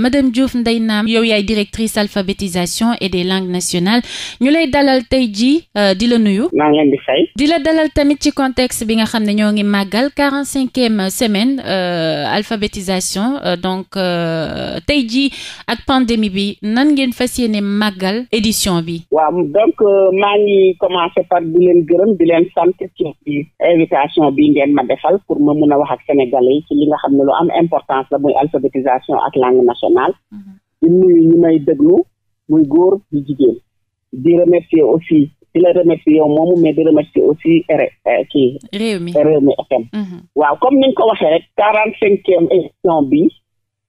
madame Diouf ndey Naam yow yaay directrice alphabétisation et des langues nationales ñu lay dalal tey jii euh, di la nuyu. maa ngi di fay. di la dalal tamit ci contexte bi nga xam ne ñoo ngi màggal quarante cinquième semaine euh, alphabétisation euh, donc tey jii ak pandémie bi nan ngeen fas yéene màggal édition bi. waaw donc maa ngi commencer par di leen gërëm di leen sant ci invitation bi ngeen ma defal pour ma mun a wax ak sénégalais ci li nga xam ne lu am importance la muy alphabétisation ak langue nationale. national mm-hmm. di nuyu ñi may déglu muy góor di jigéen di di la remercier yow moomu mais di remercier aussi r eh, kii réew mm-hmm. comme ko waxee rek quarante cinquième bi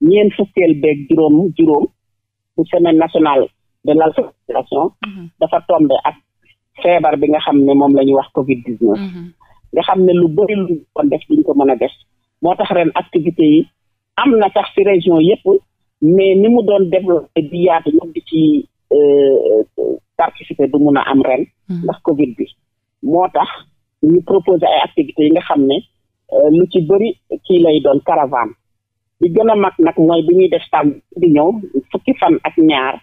ñeent fukkeel beeg juróom juróom bu semaine nationale de l'alphabétisation mm-hmm. dafa tombé ak feebar bi nga xam ne moom la wax covid dix neuf nga xam ne lu bëri lu kon def luñ ko mën a def moo tax ren activités yi am na tax ci région yépp mais ni mu doon développé di yaatu ñoom di ci euh, participer du mun a am ren. Hmm. ndax Covid bi moo tax ñu proposer ay activités yi nga xam ne euh, lu ci bëri kii lay doon caravane bi gën a mag nag mooy bi ñuy def tàmm di ñëw fukki fan ak ñaar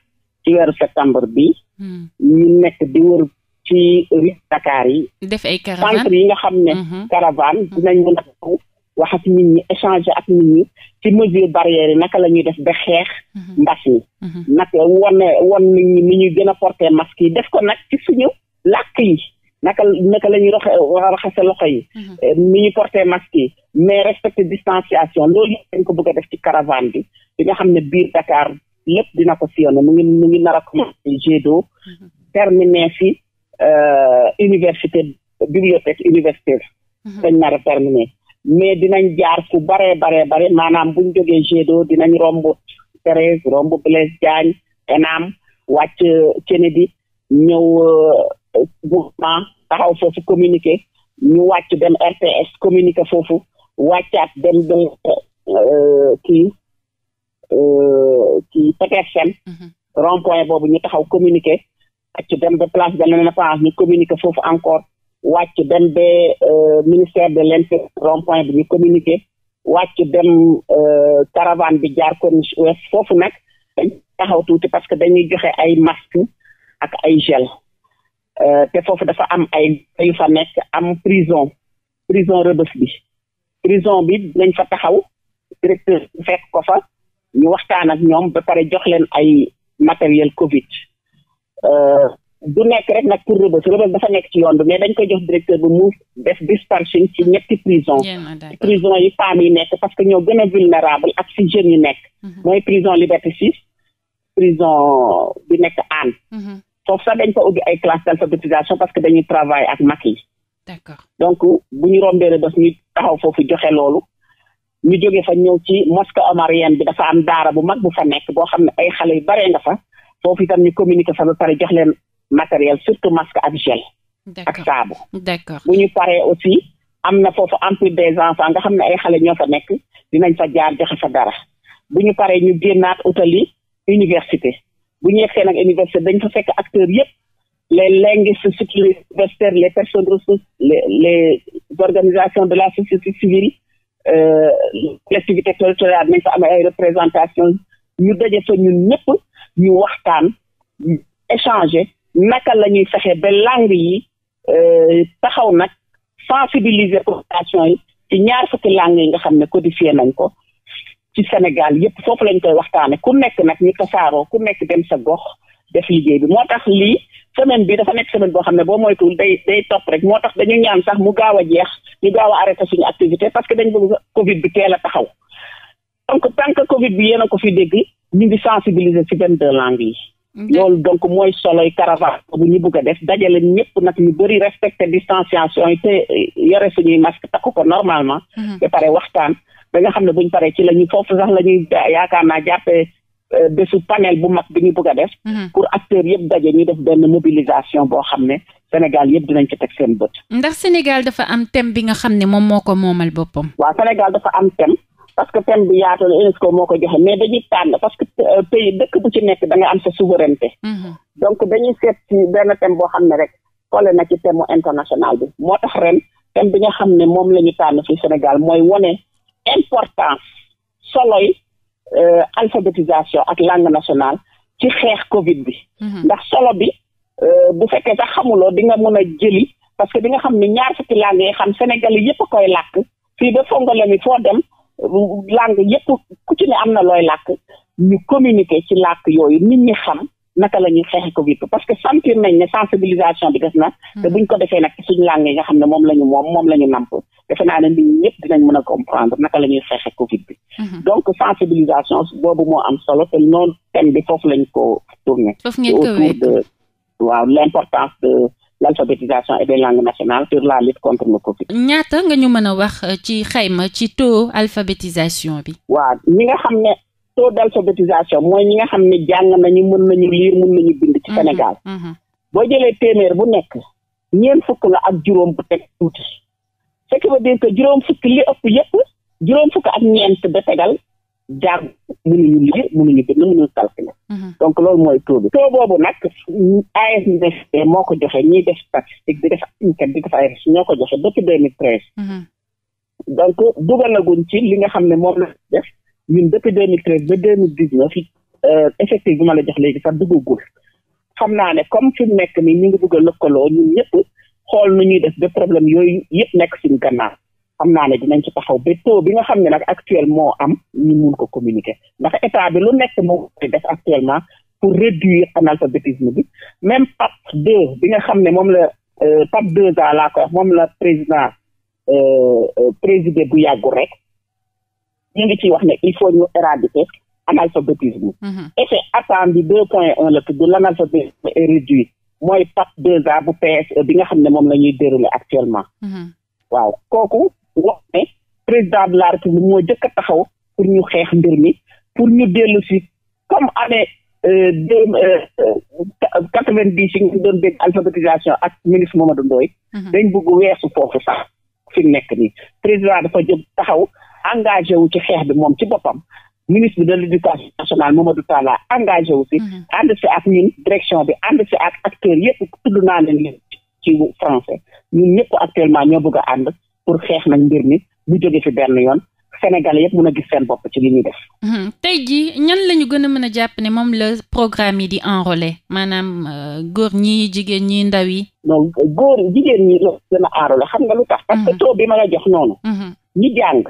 ci weeru septembre bi hmm. ñu nekk di wër ci rue Dakar yi. def ay caravane yi nga hmm. dinañ mën a wax ak nit ñi échanger ak nit ñi ci mesure barrière yi naka la ñuy def ba xeex mhm. mbas mi mhm. naka wane wan nit ñu ni gën a porter masque yi def ko nag ci suñu làkk yi naka naka la ñuy roxe raxase loxo yi mhm. eh, ni ñu porter masque yi mais respecter loolu dañ ko bëgg a def ci caravane bi bi nga xam ne biir Dakar lépp dina ko sillonné mu ngi mu ngi nar a commencé Gédo terminé fi euh, université bibliothèque universitaire dañ nar a mais dinañ jaar fu baree baree bare maanaam buñ jógee Gédo dinañ romb Thérèse romb Blaise Diagne enam wàcc euh, Kennedy ñëw groupement euh, taxaw foofu communiqué ñu wàcc dem RTS communiqué foofu wàccaat dem ba euh, kii kii Petersen mm-hmm. rond point boobu ñu taxaw communiqué wàcc dem ba place de l'Indépendance ñu communiqué foofu encore wàcc dem ba euh, ministère de l'intérieur rond-point bi ñu communiqué wàcc dem euh, caravane bi jaar Corniche Ouest foofu nag taxaw tuuti parce que dañuy joxe ay masque ak ay gel euh, te foofu dafa am ay yu fa nekk am prison prison Rebeuss bi prison bi nañ fa taxaw directeur fekk ko fa ñu waxtaan ak ñoom ba pare jox leen ay matériel Covid du nekk rek nag pour Rebeuss dafa nekk ci yoon bi mais dañ ko jox directeur bi mu def dispatching ci ñetti prison prison yi femmes yi nekk parce que ñoo gën a vulnérable ak si jeunes yi nekk mhm. mooy prison Liberté 6 prison bi nekk Hann mhm. foofu sax dañ ko ubbi ay classe d'alphabétisation parce que dañuy travail ak mag yi d'accord donc bu ñu rombee Rebeuss ñu taxaw foofu joxe loolu ñu jóge fa ñëw ci mosquée omarienne bi dafa am daara bu mag bu fa nekk boo xam ne ay xal yu bare nga fa foofu itam ñu communiqué fa ba jox leen matériel surtout masque ak gel. ak saabu. d'accord bu ñu paree aussi am na foofu empire des enfants nga xam ne ay xale ñoo fa nekk dinañ fa jaar joxe fa dara bu ñu paree ñu génnaat utali université bu ñu yegsee nag université dañ fa fekk acteurs yépp les linguistes universitaires les personnes ressources les les organisations de la société civile collectivité euh, territoriale nañ fa am ay représentation ñu daje fa ñun ñëpp ñu waxtaan échanger naka la ñuy fexe ba langri yi euh, taxaw nag sensibiliser population yi ci ñaar fukki langue yi nga xam ne codifié nañ ko ci Sénégal yépp foofu lañ koy waxtaane ku nekk nag ñu tasaaroo ku nekk dem sa gox def liggéey bi moo tax lii semaine bi dafa nekk semaine boo xam ne boo moytuwul day day topp rek moo tax dañu ñaan sax mu gaaw a jeex ñu gaaw a arrêté suñu activité parce que dañu bëgg Covid bi teel a taxaw donc tant que Covid bi yéen a ko fi dégg ñu ngi sensibiliser ci vingt-deux langues yi Mhm. loolu donc mooy soloy caravane bu ñu bëgg a def dajale ñëpp nag ñu bëri respecté distanciation yi te yore suñuy masque takku ko normalement. Mhm. ba pare waxtaan ba xam ne buñ paree ci la ñu foofu sax la ñuy yaakaar naa jàppee euh, bésu panel bu mag bi ñu bëgg a def. Mhm. pour acteurs yëpp daje ñu def benn mobilisation boo xam ne Sénégal yëpp dinañ ci teg seen bët. ndax Sénégal dafa am thème bi nga xam ne moom moo ko moomal boppam. waaw Sénégal dafa am thème. parce que thème bi yaatu la moo ko joxe mais dañuy tànn parce que euh, pays dëkk bu ci nekk da am sa souveraineté. Mm-hmm. donc dañuy seet ci benn thème boo xam ne rek xoole na ci thème mu international bi moo tax ren thème bi nga xam ne moom la ñu tànn fii Sénégal mooy wone importance soloy euh, alphabétisation ak langue nationale ci xeex Covid bi. Mm-hmm. ndax solo bi euh, bu fekkee sax xamuloo di nga mën a jëli parce que di nga xam ne ñaar fukki langue yi xam Sénégal yëpp koy làkk fii ba Fongola mi foo dem. langue yëpp ku ci ne am na looy làkk ñu communiquer ci làkk yooyu nit ñi xam naka la ñuy xeexe Covid bi parce que sentir nañ ne sensibilisation bi des na hmm. te buñ ko defee nag suñu langue yi nga xam ne moom la ñu moom moom la ñu namp defe naa ne nit ñi ñëpp dinañ mën a comprendre naka la ñuy xeexe Covid bi hmm. donc sensibilisation boobu moo am solo te noonu thème bi foofu lañ ko tourné autour de waaw l'importance de l'alphabétisation et des langues nationales sur la lutte contre le Covid. ñaata nga ñu mën a wax euh, ci ma ci taux alphabétisation bi. waa ñi nga xam ne taux d'alphabétisation mooy ñi nga xam ne jàng nañu mën nañu lire mën nañu bind. ci mhm, Sénégal. Mhm. boo jëlee téeméer bu nekk ñeent fukk la ak juróom bu teg tuuti ce qui veut dire juróom fukk li ëpp yëpp juróom fukk ak ñeent da tegal jàng mënuñu liggéey mënuñu bind mënuñu calculer. Mhm. donc loolu mooy taux bi. taux boobu nag ANSD moo ko joxee ñiy def statistique di def enquête di def ay recherche ñoo ko joxe depuis 2013. Mhm. donc dugalaguñ ci li nga xam ne moom la def ñun depuis 2013 ba 2019 euh, effectif bi ma la jox léegi sax duggagul. xam naa ne comme fi mu nekk nii ñu ngi bëgg a lëkkaloo ñun ñëpp xool nu ñuy def ba problème yooyu yëpp nekk suñu gannaaw. xam naa ne dinañ ci taxaw ba taux bi nga xam ne nag actuellement moo am ñu mun ko communiquer ndax état bi lu nekk moo koy def actuellement pour réduire analphabétisme bi même PAP 2 bi nga xam ne moom la euh, PAP 2 a laa ko wax moom la président euh, euh, président bu yàggu rek ñu ngi ciy wax ne il faut ñu éradiquer analphabétisme effet mm-hmm. attendu deux point un la tudd l'analphabétisme est réduit mooy PAP 2A bu PSE bi nga xam ne moom la ñuy dérouler actuellement mm-hmm. waaw kooku wax ne président de la république moo jëkk taxaw pour ñu xeex mbir mi pour ñu dellu si comme année euh, deux euh, euh, quatre vingt dix yi ñu doon dégg alphabétisation ak ministre Mamadou Ndoye mhm. dañ bëgg weesu foofu sax mu nekk nii président dafa jóg taxaw engagé wu ci xeex bi moom ci boppam ministre de l' éducation nationale Mamadou Talla engagé wu si mhm. ànd si ak ñun direction bi ànd si ak acteurs yëpp tudd naa leen leen ci français ñun ñëpp actuellement ñoo bëgg a ànd pour xeex nag mbir mi mu jóge fi benn yoon Sénégal yëpp mën a gis seen bopp ci li ñuy def. tey jii ñan la gën a mën a jàpp ne moom la programme yi di enrôler maanaam euh, góor ñi jigéen ñi ndaw yi. non góor jigéen ñi la gën a enrôler nga lu tax. parce que taux bi ma la jox noonu. ñi jàng.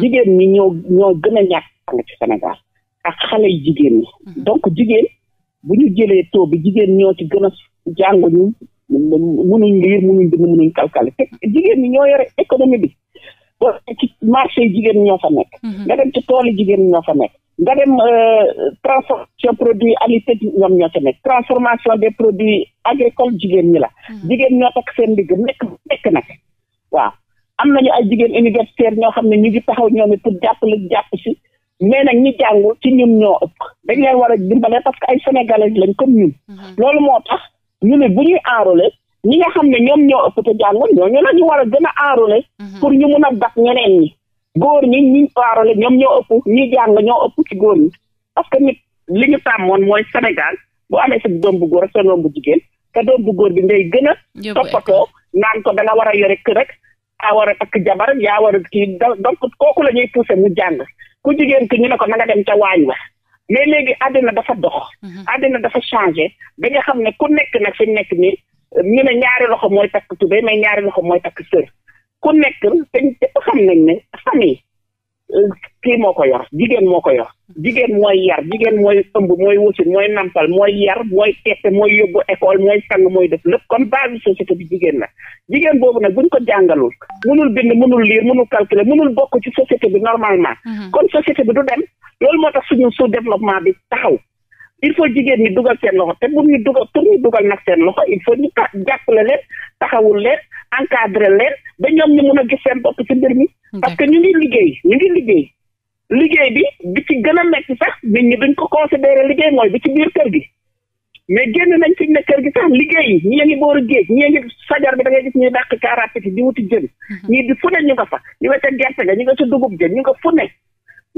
jigéen ñi ñoo ñoo gën a ñàkk jàng ci Sénégal ak xale yu jigéen ñi. donc jigéen bu ñu jëlee taux bi jigéen ñoo ci gën a jànguñu mënuñ liir mënuñ dëgg mënuñ calculer jigéen ñi ñoo yore économie bi ba ci marché mhm. ñoo fa nekk nga dem euh, tool yi jigéen ñoo fa nekk nga dem transformation produits halieutiques ñoom ñoo ca nekk transformation des produits agricoles jigéen ñi la mhm. jigéen ñoo takk seen digg nekk nekk nag waaw am nañu ay jigéen universitaire ñoo xam ne ñu ngi taxaw ñoom it jàpp jàppale jàpp si mais nag ñi jàngul ci ñun ñoo ëpp dañ leen war a dimbale parce que ay sénégalais lañ comme ñun mhm. loolu moo tax ñu ne bu ñuy enrôler ñi nga xam ne ñoom ñoo ëpp te jàngoon ñooñu la ñu war a gën a enrôler mhm. pour ñu mun a dab ñeneen ñi góor ñi ñi enrôler ñoom ñoo ëpp ñu jàng ñoo ëpp ci góor ñi parce que nit li ñu tàmmoon mooy Sénégal boo amee sa doom bu góor sa doom bu jigéen te doom bu góor bi ngay gën a toppatoo naan ko da war a yore kër rek yaa war a takk jabar yaa war a kii donc kooku la ñuy poussé mu jàng ku jigéen ki ñu ne ko na nga dem ca waañ wa mais léegi àddina dafa dox. Mhm. àddina dafa changé ba nga xam ne ku nekk nag fi nekk nii ñu ne ñaari loxo mooy takk tubéy mais ñaari loxo mooy takk sër ku nekk dañ xam nañ ne famille euh, kii moo ko yor jigéen moo ko yor. jigéen mooy yar jigéen mooy ëmb mooy wasin mooy nampal mooy yar mooy tette mooy yóbbu école mooy sang mooy def lépp kon base société bi jigéen la jigéen boobu nag buñ ko jàngalul mënul bind mënul liir mënul calculer mënul bokk ci société bi normalement mhm. kon société bi du dem loolu moo tax suñu sous développement bi taxaw il faut jigéen ñi dugal seen loxo te bu ñu dugal pour dugal nag seen loxo il faut ñu ta jàppale leen taxawul leen encadré leen ba ñoom mun a gis seen bopp mi parce que liggéey ñu ngi liggéey bi bi ci gën a metti sax nit ñi duñ ko considéré liggéey mooy bi ci biir kër gi mais génn nañ fi ne kër gi sax liggéey yi ñii a ngi booru géej ñii ngi fajar bi da ngay gis ñuy dàq kaarapiti di wuti jën mhm. ñii di fu ne ñu nga fa ñu nga ca gerte ga ñu nga ci dugub jën ñu nga fu ne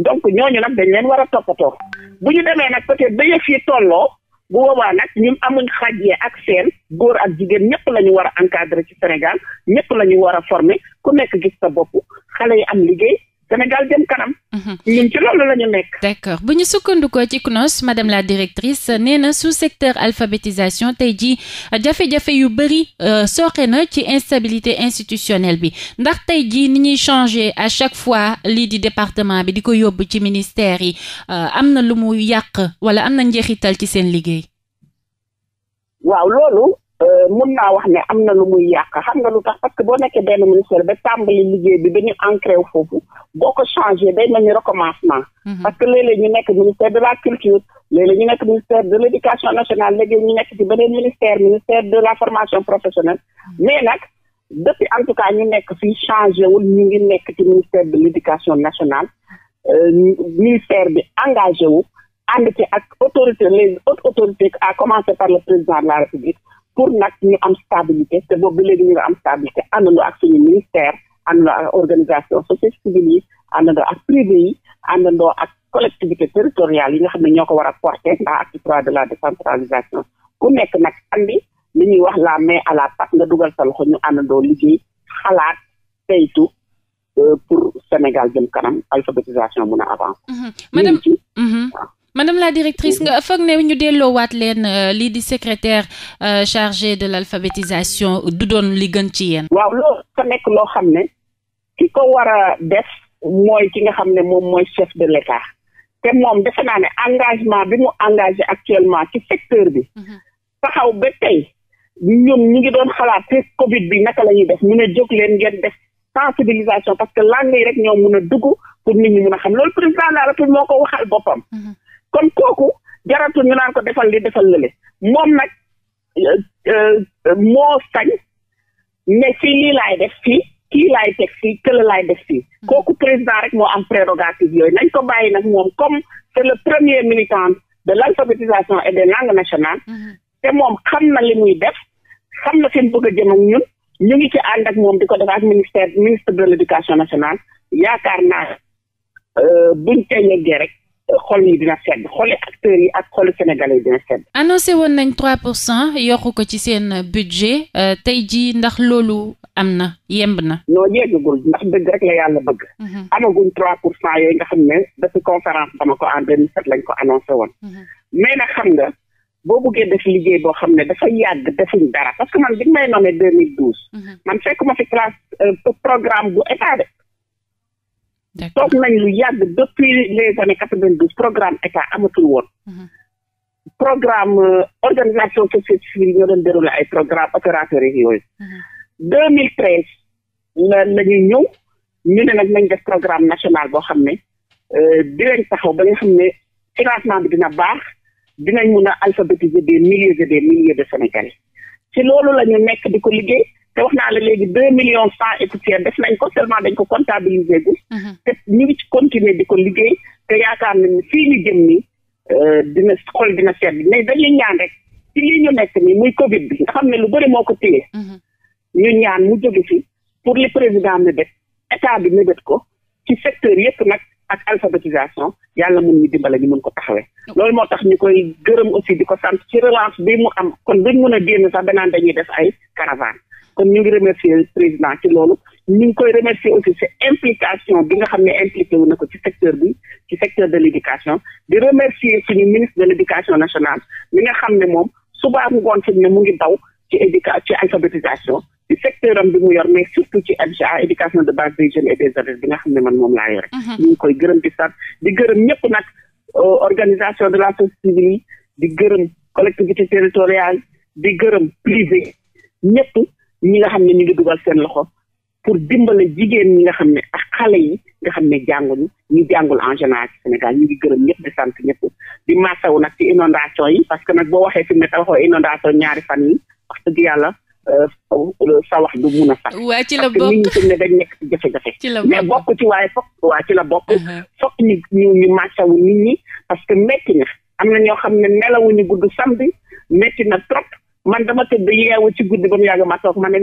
donc ñooñu nag dañ leen war a toppatoo bu ñu demee nag peut-être ba tolloo bu boobaa nag ñun amuñ xàjjee ak seen góor ak jigéen ñëpp la ñu war a encadrer ci Sénégal ñëpp la ñu war a former ku nekk gis sa bopp xale yi am liggéey Sénégal jëm kanam. Mhm. ñun ci loolu la ñu nekk. d'accord bu ñu sukkandikoo ci CNOS madame la directrice nee na sous secteur alphabétisation tey jii jafe-jafe yu bëri euh, sooxe na ci instabilité institutionnelle bi ndax tey jii ni ñuy changer à chaque fois lii di département bi di ko yóbbu ci ministère yi euh, am na lu mu yàq wala am na njeexital ci seen liggéey. waaw loolu Euh, mun naa wax ne am na lu muy yàq xam nga lu tax parce que boo nekkee benn ministère ba tàmbali liggéey bi ba ñu ancré wu foofu boo ko changé day ma ni recommencement. Mhm. parce que léeg-léeg ñu nekk ministère de la culture léeg-léeg ñu nekk ministère de l' nationale léegi ñu nekk ci beneen ministère ministère de la formation professionnelle mais nag depuis en tout cas ñu nekk fii changé wul ñu ngi nekk ci ministère de l' éducation nationale euh, ministère bi engagé wu ànd ci ak autorité les autres autorités par le président de la pour nag ñu am stabilité te boobu léegi ñu nga am stabilité àndandoo ak suñu ministère àndandoo ak organisation société civile yi àndandoo ak privé yi àndandoo collectivité territoriale yi nga xam ne ñoo ko war a porter ndax acte trois de la décentralisation ku nekk nag andi li ñuy wax la main à la pâte nga dugal sa loxo ñu àndandoo liggéey xalaat teytu euh, pour Sénégal jëm kanam alphabétisation mun a avancer. Mmh. madame madame la directrice nga foog ne ñu delloowaat leen euh, lii di secrétaire euh, chargé de l'alphabétisation du doon li gën ci yéen. waaw loolu ka nekk loo xam ne ki ko war a def mooy ki nga xam ne moom mooy chef de l'État te moom defe naa ne engagement bi mu engager actuellement ci secteur bi mhm. taxaw ba tey ñoom ñu ngi doon xalaat te Covid bi naka la ñuy def mu ne jóg leen ngeen def sensibilisation parce que langue rek ñoo mun a dugg pour nit ñi mun a xam loolu président de la ko waxal boppam. Mhm. kon kooku jaratu ñu naan ko defal li defal lële moom nag euh, euh, moo sañ ne fii lii laay def fii kii laay teg fii kële laay def fii mm-hmm. kooku président rek moo am prérogative yooyu nañ ko bàyyi nag moom comme c'est le premier militant de l'alphabétisation et des langues nationales mm-hmm. te moom xam na li muy def xam na fi bëgg a jëm ak ñun ñu ngi ci ànd ak moom di ko def ak ministère ministre de l'éducation nationale yaakaar naa euh, buñ te yeggee rek xol yi dina sedd xoli acteurs yi ak xoli sénégalais yi dina sedd. annoncé woon nañ 3 pour cent yokku ko ci seen budget euh, tey jii ndax loolu am na yemb na. noo yeggagul ndax dëgg rek la yàlla bëgg. Mhm. amaguñ 3 pour cent yooyu nga xam ne depuis conférence dama ko en 2007 lañ ko annoncé woon. Mhm. mais nag xam nga boo buggee def liggéey boo xam ne dafa yàgg defuñ dara parce que man bi may nommé mhm. man fekkuma fi euh, programme bu état de. toog nañ lu yàgg depuis les années quatre-vingt-douze programme état amatul woon mhm. programme euh, organisation société civile ñoo doon déroulé ay programme opérateur yi yooyu mhm. deux mille treize la la ñëw ñu ne nag nañ def programme national boo xam ne euh, dinañ taxaw ba nga xam ne financement bi dina baax dinañ mun a alphabétiser des milliers et des milliers de Sénégalais ci loolu la nekk di ko liggéey te wax naa la léegi deux millions cent et def nañ ko seulement dañ ko comptabiliser gu mhm. te ñu ngi ci continuer di ko liggéey te yaakaar nañ fii ñu jëm ni euh, dina xool dina sedd mais dañuy ñaan rek ci lii ñu nekk ni muy covid bi nga xam ne lu bëri moo ko téye mhm. ñu ñaan mu jóge fi pour li président mébét état bi mébét ko ci secteur yëpp nag ak alphabétisation yàlla mun ñu dimbale ñu mun ko taxawee loolu moo tax ñu koy gërëm aussi di ko sant ci relance bi mu am kon buñ mun a génn sax benaan dañuy def ay caravane kon ñu ngi remercier président ci loolu ñu ngi koy remercier aussi ci implication bi nga xam ne impliqué wu na ko ci secteur bi ci secteur de l'éducation di remercier suñu ministre de l'éducation nationale mi nga xam ne moom subaa ngoon fi ne mu ngi daw ci éduca ci alphabétisation ci secteur am bi mu yor mais surtout ci LGA éducation de base des et des adultes bi nga xam ne man moom laa yore. mu mhm. ngi koy gërëm di sant di gërëm ñëpp nag euh, organisation de la société civile di gërëm collectivité territoriale di gërëm privé ñi nga xam ne ñu ngi dugal seen loxo pour dimbale jigéen ñi nga xam ne a xale yi nga xam ne jànguñ ñu jàngul en général Sénégal ñu ngi gërëm ñëpp sant ñëpp di masawu nag ci inondation yi parce nag boo waxee fi ne te waxoo inondation ñaari fan yi wax yàlla euh, euh, sa wax du mun a sax waa parce que nit ñi fi ne dañ nekk jafe-jafe mais bokk ci waaye fokk waa ci la bokk uh-huh. fokk ñu ñu ñu masawu ñi parce que métti na am na ñoo xam ne nelawuñu gudd samedi métti na trop man dama tëdd yeewu ci guddi ba mu yàgg ma toog ma ne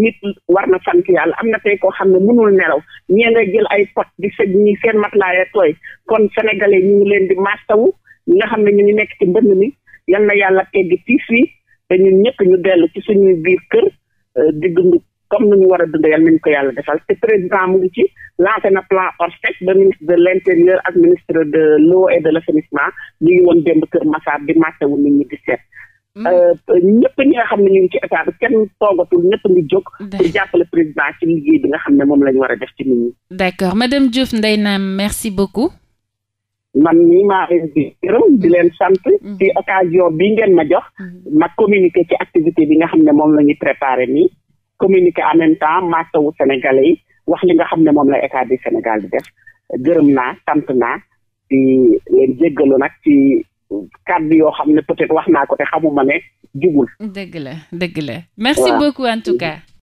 nit war na sant yàlla am na tey koo xam ne mënul nelaw ñee ngay jël ay pot di sëj ñi seen matlaaya tooy kon sénégalais ñu ngi leen di mastawu ñi nga xam ne ñu ngi nekk ci mbënn mi yal na yàlla teggi tiis yi te ñun ñëpp ñu dellu ci suñuy biir kër euh, di dund comme nu ñu war a dund yàlla nañu ko yàlla defal te président mu ngi ci lancé na plan ORSEC ba ministre de l' ak ministre de l'eau et de l' assainissement ñu ngi woon démb kër Massar di mastawu nit ñi di seet Euh, ñëpp ñi nga xam ne ñu ngi ci état kenn toogatul ñëpp ngi jóg. pour jàppale président ci liggéey bi nga xam ne moom la ñu war a def ci nit ñi. ma dem madame Diouf Ndeye Ndam merci beaucoup. man maa di leen sant. Mm-hmm. ci occasion bi ngeen ma jox. Mm-hmm. ma communiqué ci activité bi nga xam ne moom la ñuy préparé nii. communiqué en même temps maa tawu Sénégalais yi wax li nga xam ne moom la état du Sénégal di def gërëm naa sant naa di leen jéggalu nag ci. kàddu yoo xam ne peut-être wax naa ko te xamuma ne jubul. dëgg la dëgg la. merci beaucoup en tout cas.